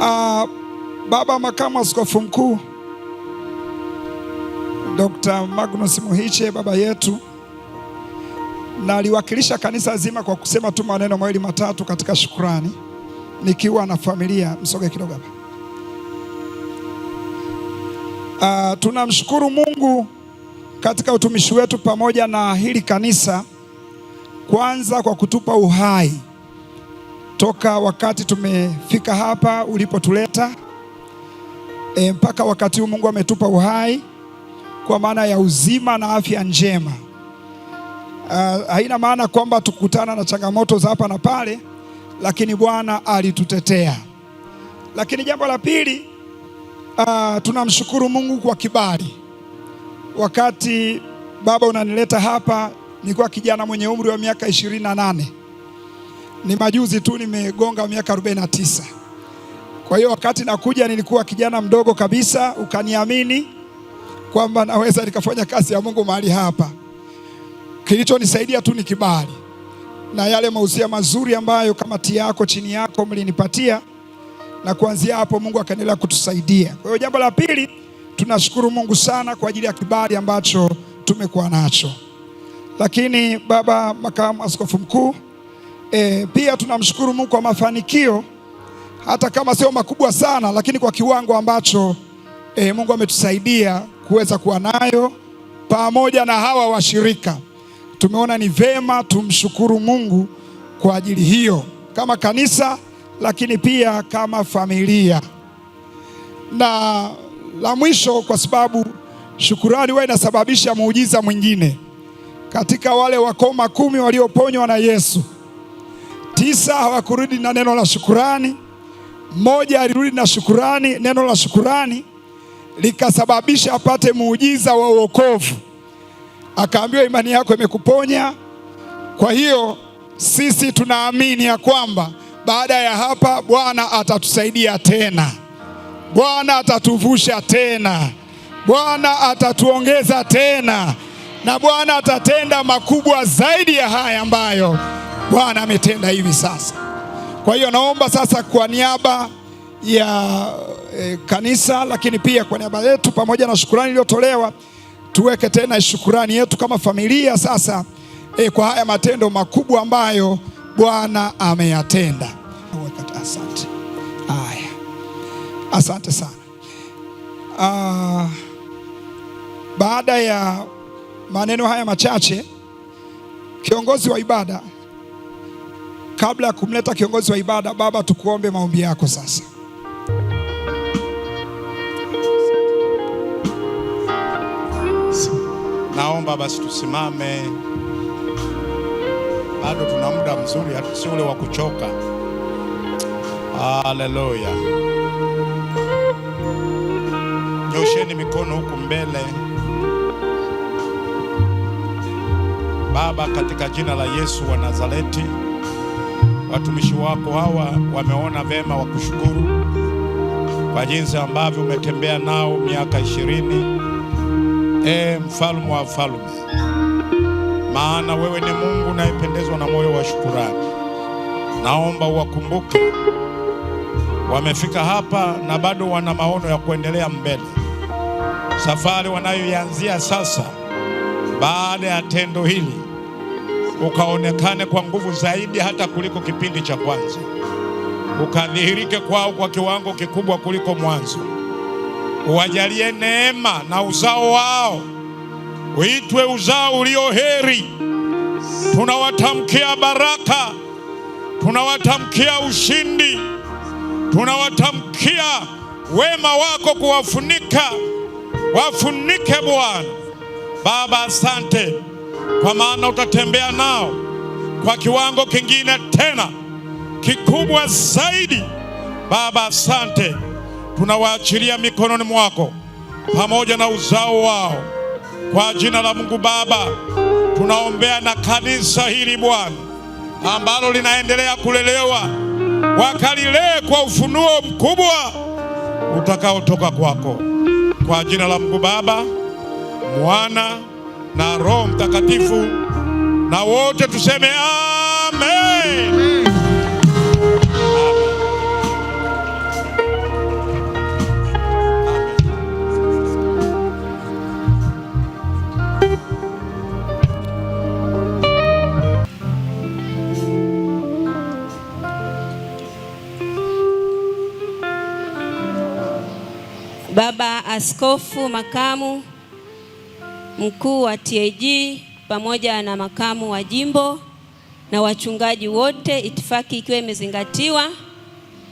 uh, baba makamu askofu mkuu Dr. Magnus Muhiche baba yetu, na aliwakilisha kanisa zima kwa kusema tu maneno mawili matatu katika shukurani, nikiwa na familia. Msoge kidogo hapa. Uh, tunamshukuru Mungu katika utumishi wetu pamoja na hili kanisa, kwanza kwa kutupa uhai toka wakati tumefika hapa ulipotuleta e, mpaka wakati huu Mungu ametupa uhai kwa maana ya uzima na afya njema. Uh, haina maana kwamba tukutana na changamoto za hapa na pale, lakini Bwana alitutetea. Lakini jambo la pili, uh, tunamshukuru Mungu kwa kibali. Wakati baba unanileta hapa, nilikuwa kijana mwenye umri wa miaka ishirini na nane ni majuzi tu nimegonga miaka 49. Kwa hiyo wakati nakuja nilikuwa kijana mdogo kabisa, ukaniamini kwamba naweza nikafanya kazi ya Mungu mahali hapa. Kilichonisaidia tu ni kibali na yale mausia mazuri ambayo kamati yako chini yako mlinipatia, na kuanzia hapo Mungu akaendelea kutusaidia. Kwa hiyo jambo la pili, tunashukuru Mungu sana kwa ajili ya kibali ambacho tumekuwa nacho. Lakini baba makamu askofu mkuu E, pia tunamshukuru Mungu kwa mafanikio hata kama sio makubwa sana, lakini kwa kiwango ambacho e, Mungu ametusaidia kuweza kuwa nayo pamoja na hawa washirika. Tumeona ni vema tumshukuru Mungu kwa ajili hiyo kama kanisa, lakini pia kama familia. Na la mwisho, kwa sababu shukurani huwa inasababisha muujiza mwingine katika wale wakoma kumi walioponywa na Yesu tisa hawakurudi na neno la shukurani. Mmoja alirudi na shukurani, neno la shukurani likasababisha apate muujiza wa uokovu, akaambiwa imani yako imekuponya. Kwa hiyo sisi tunaamini ya kwamba baada ya hapa Bwana atatusaidia tena, Bwana atatuvusha tena, Bwana atatuongeza tena, na Bwana atatenda makubwa zaidi ya haya ambayo Bwana ametenda hivi sasa. Kwa hiyo naomba sasa kwa niaba ya e, kanisa lakini pia kwa niaba yetu pamoja na shukurani iliyotolewa tuweke tena shukurani yetu kama familia sasa e, kwa haya matendo makubwa ambayo Bwana ameyatenda. Asante. Haya. Asante sana. Aa, ah, baada ya maneno haya machache kiongozi wa ibada kabla ya kumleta kiongozi wa ibada, Baba, tukuombe maombi yako sasa. Naomba basi tusimame, bado tuna muda mzuri, hatusi ule wa kuchoka. Haleluya! Nyosheni mikono huku mbele. Baba, katika jina la Yesu wa Nazareti watumishi wako hawa wameona vema wakushukuru kwa jinsi ambavyo umetembea nao miaka ishirini, e mfalme wa falme, maana wewe ni Mungu unayependezwa na moyo wa shukurani. Naomba uwakumbuke wamefika hapa na bado wana maono ya kuendelea mbele, safari wanayoianzia sasa baada ya tendo hili ukaonekane kwa nguvu zaidi hata kuliko kipindi cha kwanza, ukadhihirike kwao kwa kiwango kikubwa kuliko mwanzo. Uwajalie neema na uzao wao uitwe uzao ulio heri. Tunawatamkia baraka, tunawatamkia ushindi, tunawatamkia wema wako kuwafunika, wafunike Bwana Baba, asante kwa maana utatembea nao kwa kiwango kingine tena kikubwa zaidi. Baba, asante, tunawaachilia mikononi mwako pamoja na uzao wao kwa jina la Mungu Baba. Tunaombea na kanisa hili Bwana, ambalo linaendelea kulelewa, wakalilee kwa ufunuo mkubwa utakaotoka kwako, kwa jina la Mungu Baba, Mwana na Roho Mtakatifu, na wote tuseme amen. Baba Askofu makamu mkuu wa TAG pamoja na makamu wa jimbo na wachungaji wote, itifaki ikiwa imezingatiwa.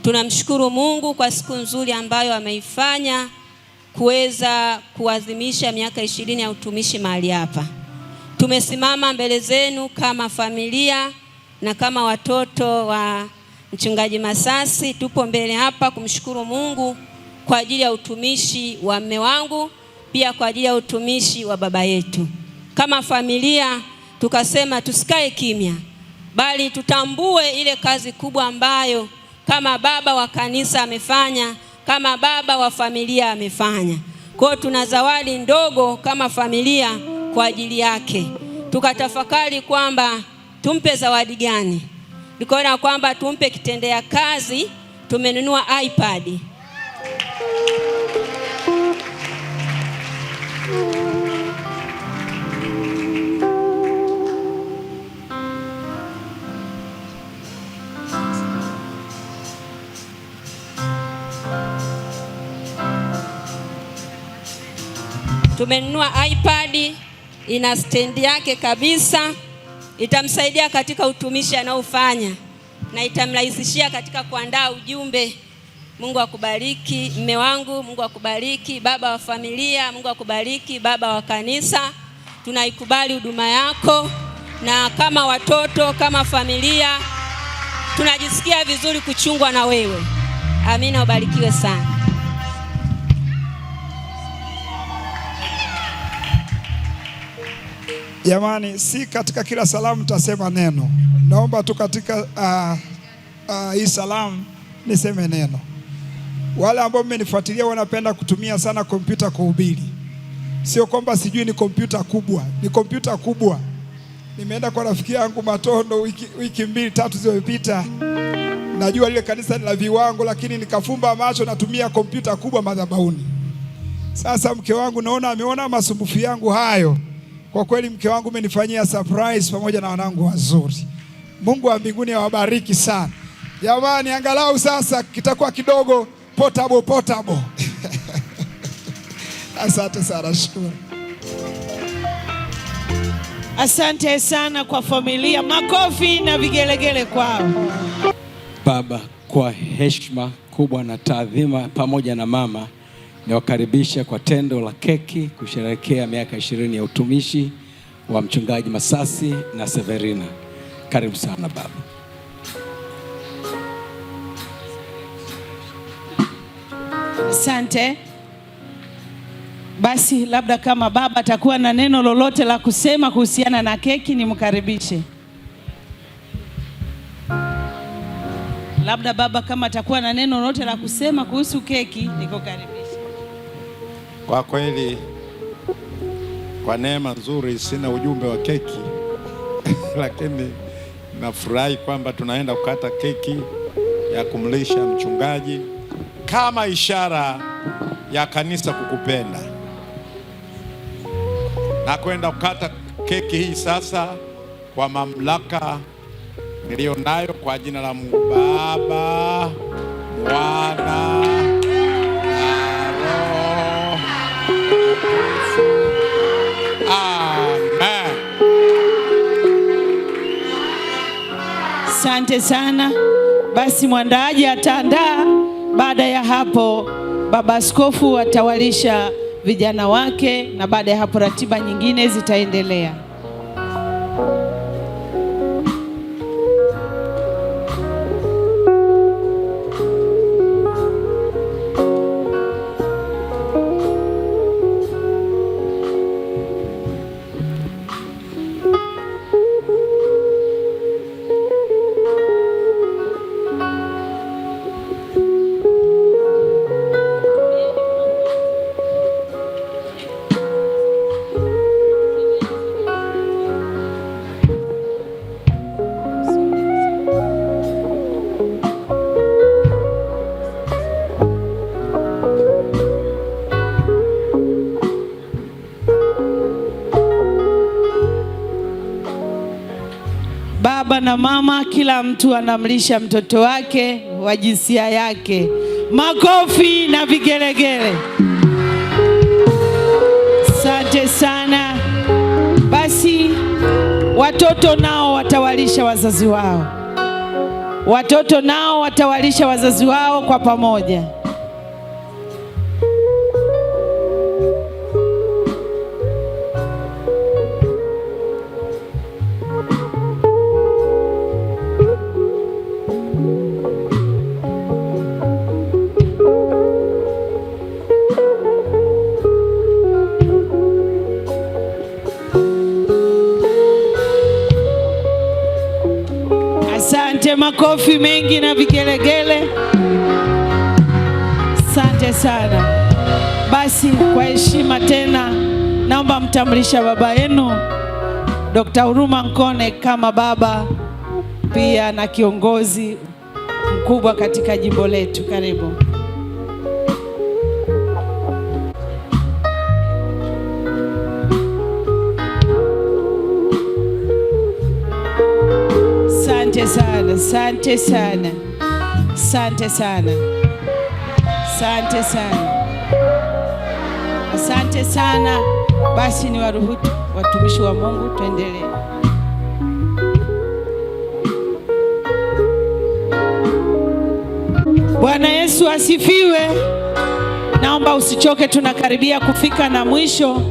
Tunamshukuru Mungu kwa siku nzuri ambayo ameifanya kuweza kuadhimisha miaka ishirini ya utumishi mahali hapa. Tumesimama mbele zenu kama familia na kama watoto wa mchungaji Masasi, tupo mbele hapa kumshukuru Mungu kwa ajili ya utumishi wa mme wangu pia kwa ajili ya utumishi wa baba yetu. Kama familia tukasema tusikae kimya, bali tutambue ile kazi kubwa ambayo kama baba wa kanisa amefanya, kama baba wa familia amefanya. Kwa hiyo tuna zawadi ndogo kama familia kwa ajili yake, tukatafakari kwamba tumpe zawadi gani. Nikaona kwamba tumpe kitendea kazi, tumenunua iPad Tumenunua iPad ina stendi yake kabisa, itamsaidia katika utumishi anaofanya na itamrahisishia katika kuandaa ujumbe. Mungu akubariki mme wangu, Mungu akubariki baba wa familia, Mungu akubariki baba wa kanisa. Tunaikubali huduma yako, na kama watoto, kama familia tunajisikia vizuri kuchungwa na wewe. Amina, ubarikiwe sana. Jamani, si katika kila salamu tasema neno. Naomba tu katika uh, uh, hii salamu niseme neno. Wale ambao mmenifuatilia wanapenda kutumia sana kompyuta kuhubiri. Sio kwamba sijui, ni kompyuta kubwa, ni kompyuta kubwa. Nimeenda kwa rafiki yangu Matondo wiki, wiki mbili tatu zilizopita. Najua lile kanisa ni la viwango, lakini nikafumba macho, natumia kompyuta kubwa madhabahuni. Sasa mke wangu naona ameona masumbufu yangu hayo kwa kweli mke wangu umenifanyia surprise pamoja na wanangu wazuri. Mungu wa mbinguni awabariki sana. Jamani, angalau sasa kitakuwa kidogo potable potable. Asante sana, shukuru. Asante sana kwa familia, makofi na vigelegele kwao. Baba, kwa heshima kubwa na taadhima pamoja na mama niwakaribisha kwa tendo la keki kusherehekea miaka ishirini ya utumishi wa mchungaji Masasi na Severina. Karibu sana baba. Asante. Basi labda kama baba atakuwa na neno lolote la kusema kuhusiana na keki, nimkaribishe. Labda baba kama atakuwa na neno lolote la kusema kuhusu keki, niko karibu. Kwa kweli kwa neema nzuri sina ujumbe wa keki lakini nafurahi kwamba tunaenda kukata keki ya kumlisha mchungaji kama ishara ya kanisa kukupenda. Na kwenda kukata keki hii sasa kwa mamlaka niliyonayo kwa jina la Mungu Baba, Mwana Asante sana. Basi mwandaaji ataandaa, baada ya hapo baba askofu atawalisha vijana wake, na baada ya hapo ratiba nyingine zitaendelea. mama, kila mtu anamlisha mtoto wake wa jinsia yake. Makofi na vigelegele. Asante sana. Basi watoto nao watawalisha wazazi wao, watoto nao watawalisha wazazi wao kwa pamoja. makofi mengi na vigelegele. Asante sana. Basi kwa heshima tena, naomba mtambulisha baba yenu Dr. Huruma Nkone kama baba pia na kiongozi mkubwa katika jimbo letu. Karibu. Sante sana, sante sana, sante sana, sante sana, asante sana. Basi ni waruhutu watumishi wa Mungu tuendelee. Bwana Yesu asifiwe. Naomba usichoke, tunakaribia kufika na mwisho,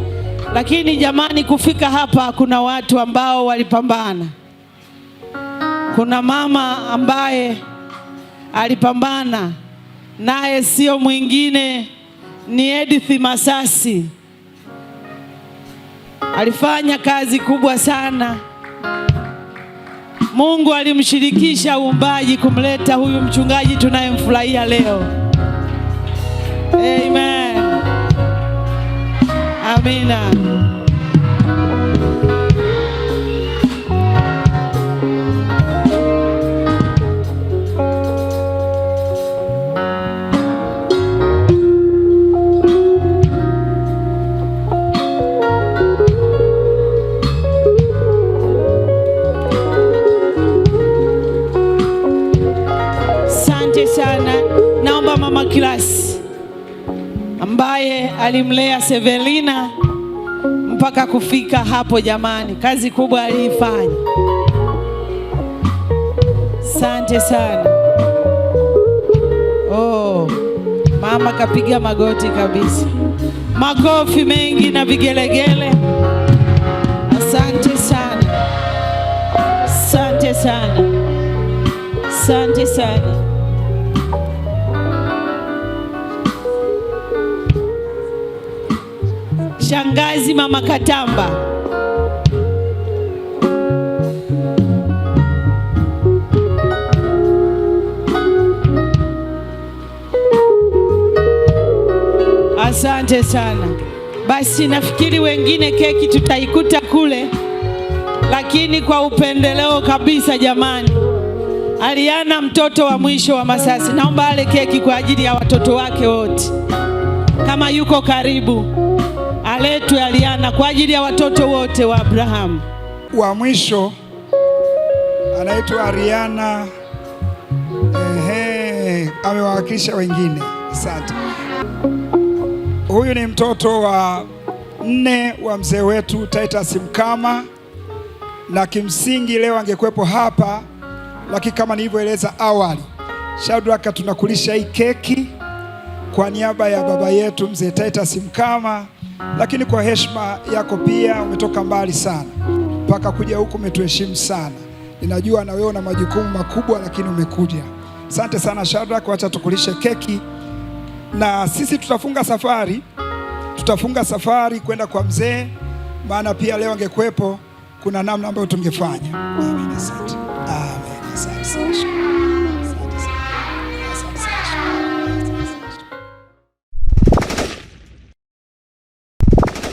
lakini jamani, kufika hapa kuna watu ambao walipambana. Kuna mama ambaye alipambana naye, sio mwingine ni Edith Masasi. Alifanya kazi kubwa sana. Mungu alimshirikisha uumbaji kumleta huyu mchungaji tunayemfurahia leo. Amen. Amina. Niklas ambaye alimlea Severina mpaka kufika hapo. Jamani, kazi kubwa aliifanya. Asante sana. Oh, mama kapiga magoti kabisa, makofi mengi na vigelegele. Asante sana, asante sana, asante sana. shangazi mama Katamba. Asante sana. Basi nafikiri wengine keki tutaikuta kule, lakini kwa upendeleo kabisa, jamani, Aliana mtoto wa mwisho wa Masasi, naomba ale keki kwa ajili ya watoto wake wote, kama yuko karibu maletwe Aliana kwa ajili ya watoto wote wa Abrahamu. Wa mwisho anaitwa Ariana. Ehe, amewawakilisha wengine. Asante. Huyu ni mtoto wa nne wa mzee wetu Titus Mkama, na kimsingi leo angekuwepo hapa, lakini kama nilivyoeleza awali, Shadraka, tunakulisha hii keki kwa niaba ya baba yetu mzee Titus Mkama lakini kwa heshima yako pia umetoka mbali sana mpaka kuja huku, umetuheshimu sana. Ninajua na wewe una majukumu makubwa, lakini umekuja. Asante sana Shadrack, wacha tukulishe keki na sisi tutafunga safari, tutafunga safari kwenda kwa mzee, maana pia leo angekuwepo, kuna namna ambayo tungefanya. Amina, asante.